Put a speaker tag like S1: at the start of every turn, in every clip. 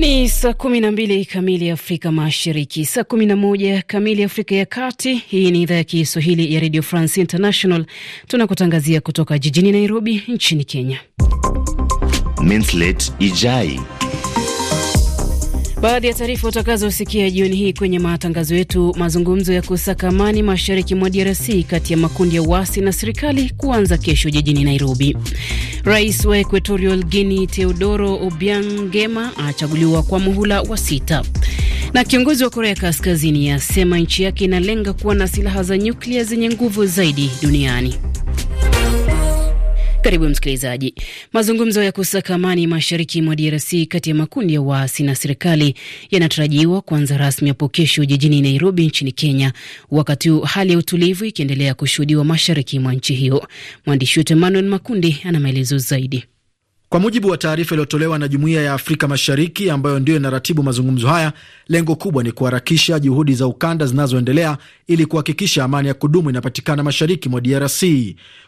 S1: Ni saa 12 kamili Afrika Mashariki, saa 11 kamili Afrika ya Kati. Hii ni idhaa ya Kiswahili ya Radio France International, tunakutangazia kutoka jijini Nairobi nchini Kenya.
S2: Mintlet Ijai
S1: Baadhi ya taarifa utakazosikia jioni hii kwenye matangazo yetu: mazungumzo ya kusaka amani mashariki mwa DRC kati ya makundi ya uasi na serikali kuanza kesho jijini Nairobi. Rais wa Equatorial Guinea Teodoro Obiang Ngema achaguliwa kwa muhula wa sita, na kiongozi wa Korea Kaskazini asema nchi yake inalenga kuwa na silaha za nyuklia zenye nguvu zaidi duniani. Karibu msikilizaji. Mazungumzo ya kusaka amani mashariki mwa DRC kati ya makundi ya waasi na serikali yanatarajiwa kuanza rasmi hapo kesho jijini Nairobi nchini Kenya, wakati huu hali ya utulivu ikiendelea kushuhudiwa mashariki mwa nchi hiyo. Mwandishi wetu Emmanuel Makundi ana maelezo zaidi. Kwa
S3: mujibu wa taarifa iliyotolewa na Jumuiya ya Afrika Mashariki ambayo ndiyo
S1: inaratibu mazungumzo haya, lengo
S3: kubwa ni kuharakisha juhudi za ukanda zinazoendelea ili kuhakikisha amani ya kudumu inapatikana mashariki mwa DRC.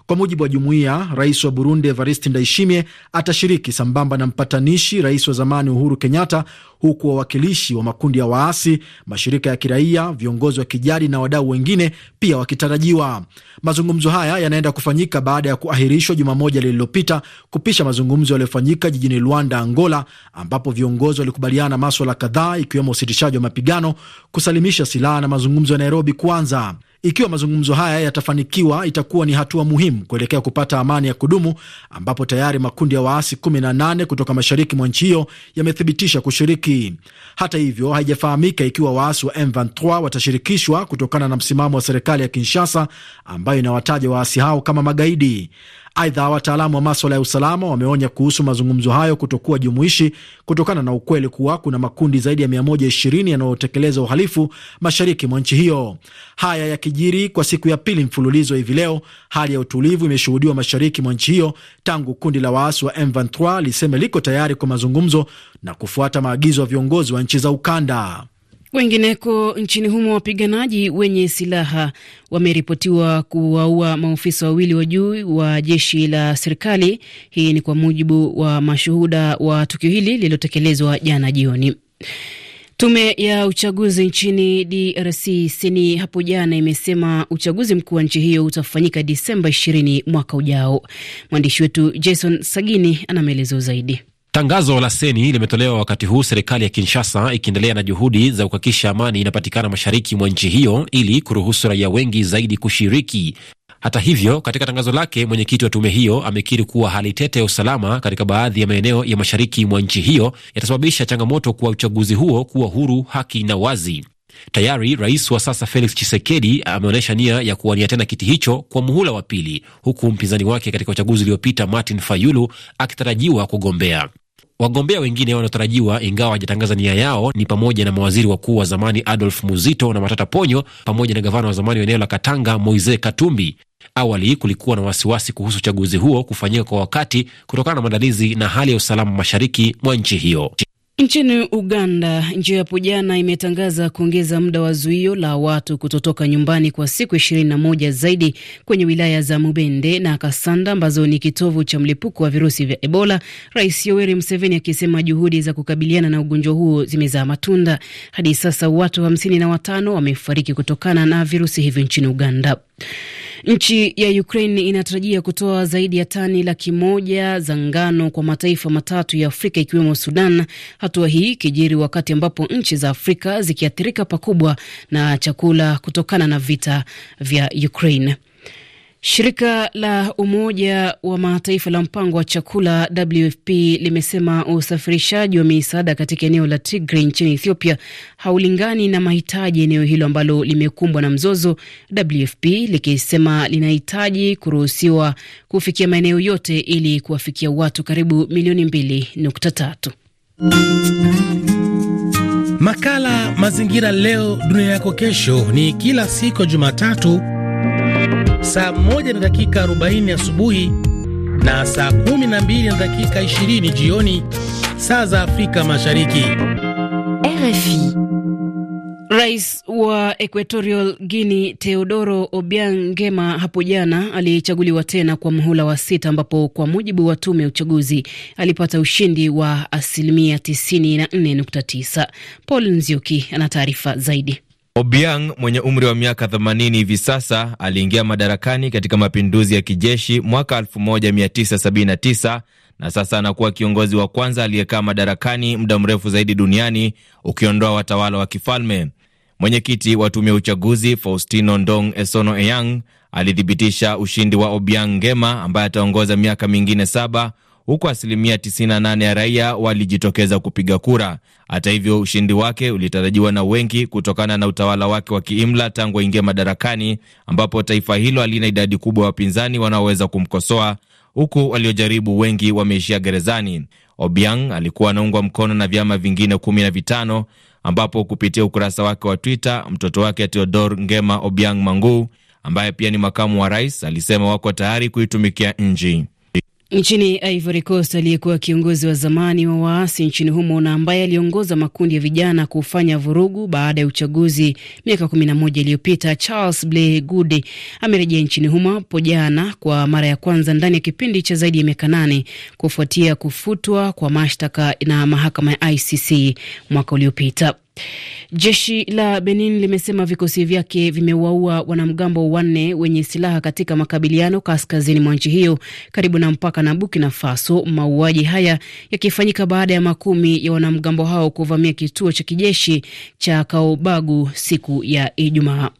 S3: Kwa mujibu wa jumuiya, rais wa Burundi Evariste Ndayishimiye atashiriki sambamba na mpatanishi rais wa zamani Uhuru Kenyatta, huku wawakilishi wa makundi ya waasi, mashirika ya kiraia, viongozi wa kijadi na wadau wengine pia wakitarajiwa. Mazungumzo haya yanaenda kufanyika baada ya kuahirishwa juma moja lililopita kupisha mazungumzo mazungumzo yaliyofanyika jijini Luanda, Angola, ambapo viongozi walikubaliana maswala kadhaa ikiwemo usitishaji wa mapigano, kusalimisha silaha na mazungumzo ya Nairobi kwanza. Ikiwa mazungumzo haya yatafanikiwa, itakuwa ni hatua muhimu kuelekea kupata amani ya kudumu, ambapo tayari makundi ya waasi 18 kutoka mashariki mwa nchi hiyo yamethibitisha kushiriki. Hata hivyo, haijafahamika ikiwa waasi wa M23 watashirikishwa kutokana na msimamo wa serikali ya Kinshasa ambayo inawataja waasi hao kama magaidi. Aidha, wataalamu wa maswala ya usalama wameonya kuhusu mazungumzo hayo kutokuwa jumuishi kutokana na ukweli kuwa kuna makundi zaidi ya 120 yanayotekeleza uhalifu mashariki mwa nchi hiyo. Haya yakijiri kwa siku ya pili mfululizo hivi leo, hali ya utulivu imeshuhudiwa mashariki mwa nchi hiyo tangu kundi la waasi wa M23 liseme liko tayari kwa mazungumzo na kufuata maagizo ya viongozi wa nchi za ukanda.
S1: Wengineko nchini humo wapiganaji wenye silaha wameripotiwa kuwaua maofisa wawili wa juu wa jeshi la serikali. Hii ni kwa mujibu wa mashuhuda wa tukio hili lililotekelezwa jana jioni. Tume ya uchaguzi nchini DRC sini hapo jana imesema uchaguzi mkuu wa nchi hiyo utafanyika Disemba 20 mwaka ujao. Mwandishi wetu Jason Sagini ana maelezo zaidi.
S2: Tangazo la seni limetolewa wakati huu serikali ya Kinshasa ikiendelea na juhudi za kuhakikisha amani inapatikana mashariki mwa nchi hiyo ili kuruhusu raia wengi zaidi kushiriki. Hata hivyo, katika tangazo lake, mwenyekiti wa tume hiyo amekiri kuwa hali tete ya usalama katika baadhi ya maeneo ya mashariki mwa nchi hiyo yatasababisha changamoto kwa uchaguzi huo kuwa huru, haki na wazi. Tayari rais wa sasa Felix Tshisekedi ameonyesha nia ya kuwania tena kiti hicho kwa muhula wa pili, huku mpinzani wake katika uchaguzi uliopita Martin Fayulu akitarajiwa kugombea. Wagombea wengine wanaotarajiwa ingawa hawajatangaza nia yao ni pamoja na mawaziri wakuu wa zamani Adolf Muzito na Matata Ponyo pamoja na gavana wa zamani wa eneo la Katanga Moise Katumbi. Awali kulikuwa na wasiwasi kuhusu uchaguzi huo kufanyika kwa wakati kutokana na maandalizi na hali ya usalama mashariki mwa nchi hiyo.
S1: Nchini Uganda, nchi hapo jana imetangaza kuongeza muda wa zuio la watu kutotoka nyumbani kwa siku ishirini na moja zaidi kwenye wilaya za Mubende na Kasanda ambazo ni kitovu cha mlipuko wa virusi vya Ebola, Rais Yoweri Museveni akisema juhudi za kukabiliana na ugonjwa huo zimezaa matunda. Hadi sasa watu hamsini na watano wamefariki kutokana na virusi hivyo nchini Uganda. Nchi ya Ukraine inatarajia kutoa zaidi ya tani laki moja za ngano kwa mataifa matatu ya Afrika ikiwemo Sudan. Hatua hii ikijiri wakati ambapo nchi za Afrika zikiathirika pakubwa na chakula kutokana na vita vya Ukraine. Shirika la Umoja wa Mataifa la mpango wa chakula WFP limesema usafirishaji wa misaada katika eneo la Tigray nchini Ethiopia haulingani na mahitaji eneo hilo ambalo limekumbwa na mzozo, WFP likisema linahitaji kuruhusiwa kufikia maeneo yote ili kuwafikia watu karibu milioni 2.3.
S2: Makala
S3: Mazingira Leo Dunia Yako Kesho ni kila siku ya Jumatatu saa moja na dakika 40 asubuhi na saa 12 na dakika 20 jioni saa za Afrika Mashariki.
S1: RFI. Rais wa Equatorial Guinea Teodoro Obiang gema hapo jana alichaguliwa tena kwa mhula wa sita, ambapo kwa mujibu wa tume ya uchaguzi alipata ushindi wa asilimia 94.9. Paul Nzioki ana taarifa zaidi.
S2: Obiang mwenye umri wa miaka 80 hivi sasa aliingia madarakani katika mapinduzi ya kijeshi mwaka 1979 na sasa anakuwa kiongozi wa kwanza aliyekaa madarakani muda mrefu zaidi duniani ukiondoa watawala wa kifalme. Mwenyekiti wa tume ya uchaguzi Faustino Ndong Esono Eyang alithibitisha ushindi wa Obiang Ngema ambaye ataongoza miaka mingine saba huku asilimia 98 ya raia walijitokeza kupiga kura. Hata hivyo, ushindi wake ulitarajiwa na wengi kutokana na utawala wake wa kiimla tangu aingia madarakani, ambapo taifa hilo halina idadi kubwa ya wapinzani wanaoweza kumkosoa, huku waliojaribu wengi wameishia gerezani. Obiang alikuwa anaungwa mkono na vyama vingine kumi na vitano ambapo kupitia ukurasa wake wa Twitter mtoto wake Theodor Ngema Obiang Mangu ambaye pia ni makamu wa rais alisema wako tayari kuitumikia nchi.
S1: Nchini Ivory Coast, aliyekuwa kiongozi wa zamani wa waasi nchini humo na ambaye aliongoza makundi ya vijana kufanya vurugu baada ya uchaguzi miaka moja iliyopita, Charles Ble Goude amerejea nchini humo hapo jana kwa mara ya kwanza ndani ya kipindi cha zaidi ya miaka nane kufuatia kufutwa kwa mashtaka na mahakama ya ICC mwaka uliopita. Jeshi la Benin limesema vikosi vyake vimewaua wanamgambo wanne wenye silaha katika makabiliano kaskazini mwa nchi hiyo karibu na mpaka na Burkina Faso, mauaji haya yakifanyika baada ya makumi ya wanamgambo hao kuvamia kituo cha kijeshi cha Kaobagu siku ya Ijumaa.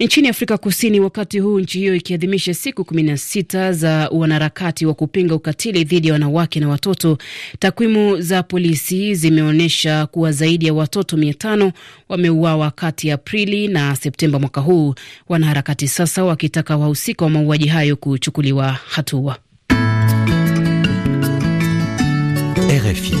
S1: Nchini Afrika Kusini, wakati huu nchi hiyo ikiadhimisha siku kumi na sita za wanaharakati wa kupinga ukatili dhidi ya wanawake na watoto, takwimu za polisi zimeonyesha kuwa zaidi ya watoto mia tano wameuawa kati ya Aprili na Septemba mwaka huu, wanaharakati sasa wakitaka wahusika wa mauaji hayo kuchukuliwa hatua. RFI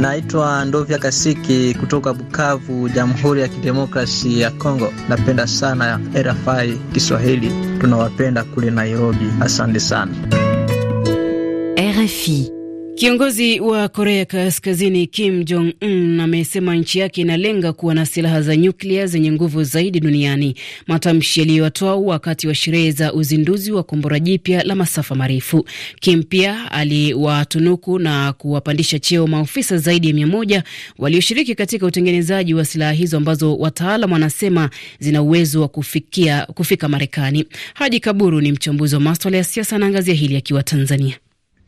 S2: Naitwa Ndovya Kasiki kutoka Bukavu, Jamhuri ya Kidemokrasi ya Kongo. Napenda sana RFI Kiswahili, tunawapenda kule
S3: Nairobi. Asante sana
S1: RFI. Kiongozi wa Korea Kaskazini Kim Jong Un amesema nchi yake inalenga kuwa na silaha za nyuklia zenye nguvu zaidi duniani, matamshi yaliyotoa wakati wa sherehe za uzinduzi wa kombora jipya la masafa marefu. Kim pia aliwatunuku na kuwapandisha cheo maofisa zaidi ya mia moja walioshiriki katika utengenezaji wa silaha hizo ambazo wataalam wanasema zina uwezo wa kufikia, kufika Marekani. Haji Kaburu ni mchambuzi wa maswala ya siasa, anaangazia hili akiwa Tanzania.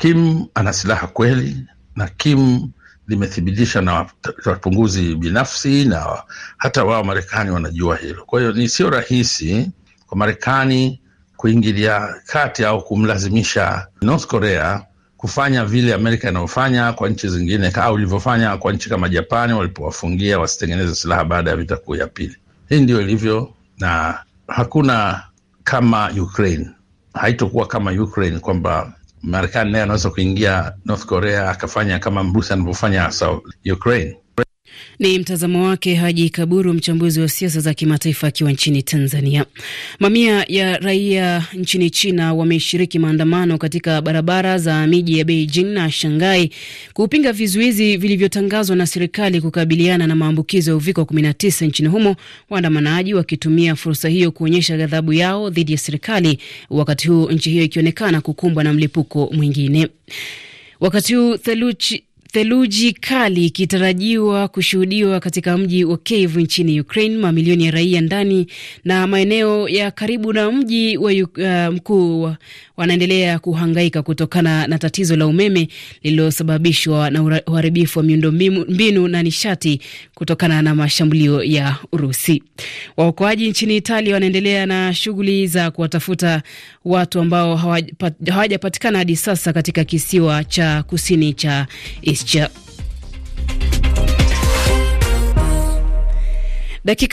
S2: Kim ana silaha kweli, na Kim limethibitisha na wapunguzi binafsi na hata wao Marekani wanajua hilo. Kwa hiyo ni sio rahisi kwa Marekani kuingilia kati au kumlazimisha North Korea kufanya vile Amerika inayofanya kwa nchi zingine au ilivyofanya kwa nchi kama Japani walipowafungia wasitengeneze silaha baada ya vita kuu ya pili. Hii ndio ilivyo, na hakuna kama Ukraine, haitokuwa kama Ukraine kwamba Marekani naye anaweza kuingia North Korea akafanya kama mrusi anavyofanya Ukraine.
S1: Ni mtazamo wake Haji Kaburu, mchambuzi wa siasa za kimataifa akiwa nchini Tanzania. Mamia ya raia nchini China wameshiriki maandamano katika barabara za miji ya Beijing na Shanghai kupinga vizuizi vilivyotangazwa na serikali kukabiliana na maambukizo ya uviko 19 nchini humo, waandamanaji wakitumia fursa hiyo kuonyesha ghadhabu yao dhidi ya serikali, wakati huu nchi hiyo ikionekana kukumbwa na mlipuko mwingine. Wakati huu theluchi Theluji kali ikitarajiwa kushuhudiwa katika mji wa Kiev nchini Ukraine, mamilioni ya raia ndani na maeneo ya karibu na mji wa uh, mkuu wanaendelea kuhangaika kutokana na tatizo la umeme lililosababishwa na uharibifu wa miundombinu na nishati kutokana na mashambulio ya Urusi. Waokoaji nchini Italia wanaendelea na shughuli za kuwatafuta watu ambao hawajapatikana hadi sasa katika kisiwa cha kusini cha Isi. Christian. Dakika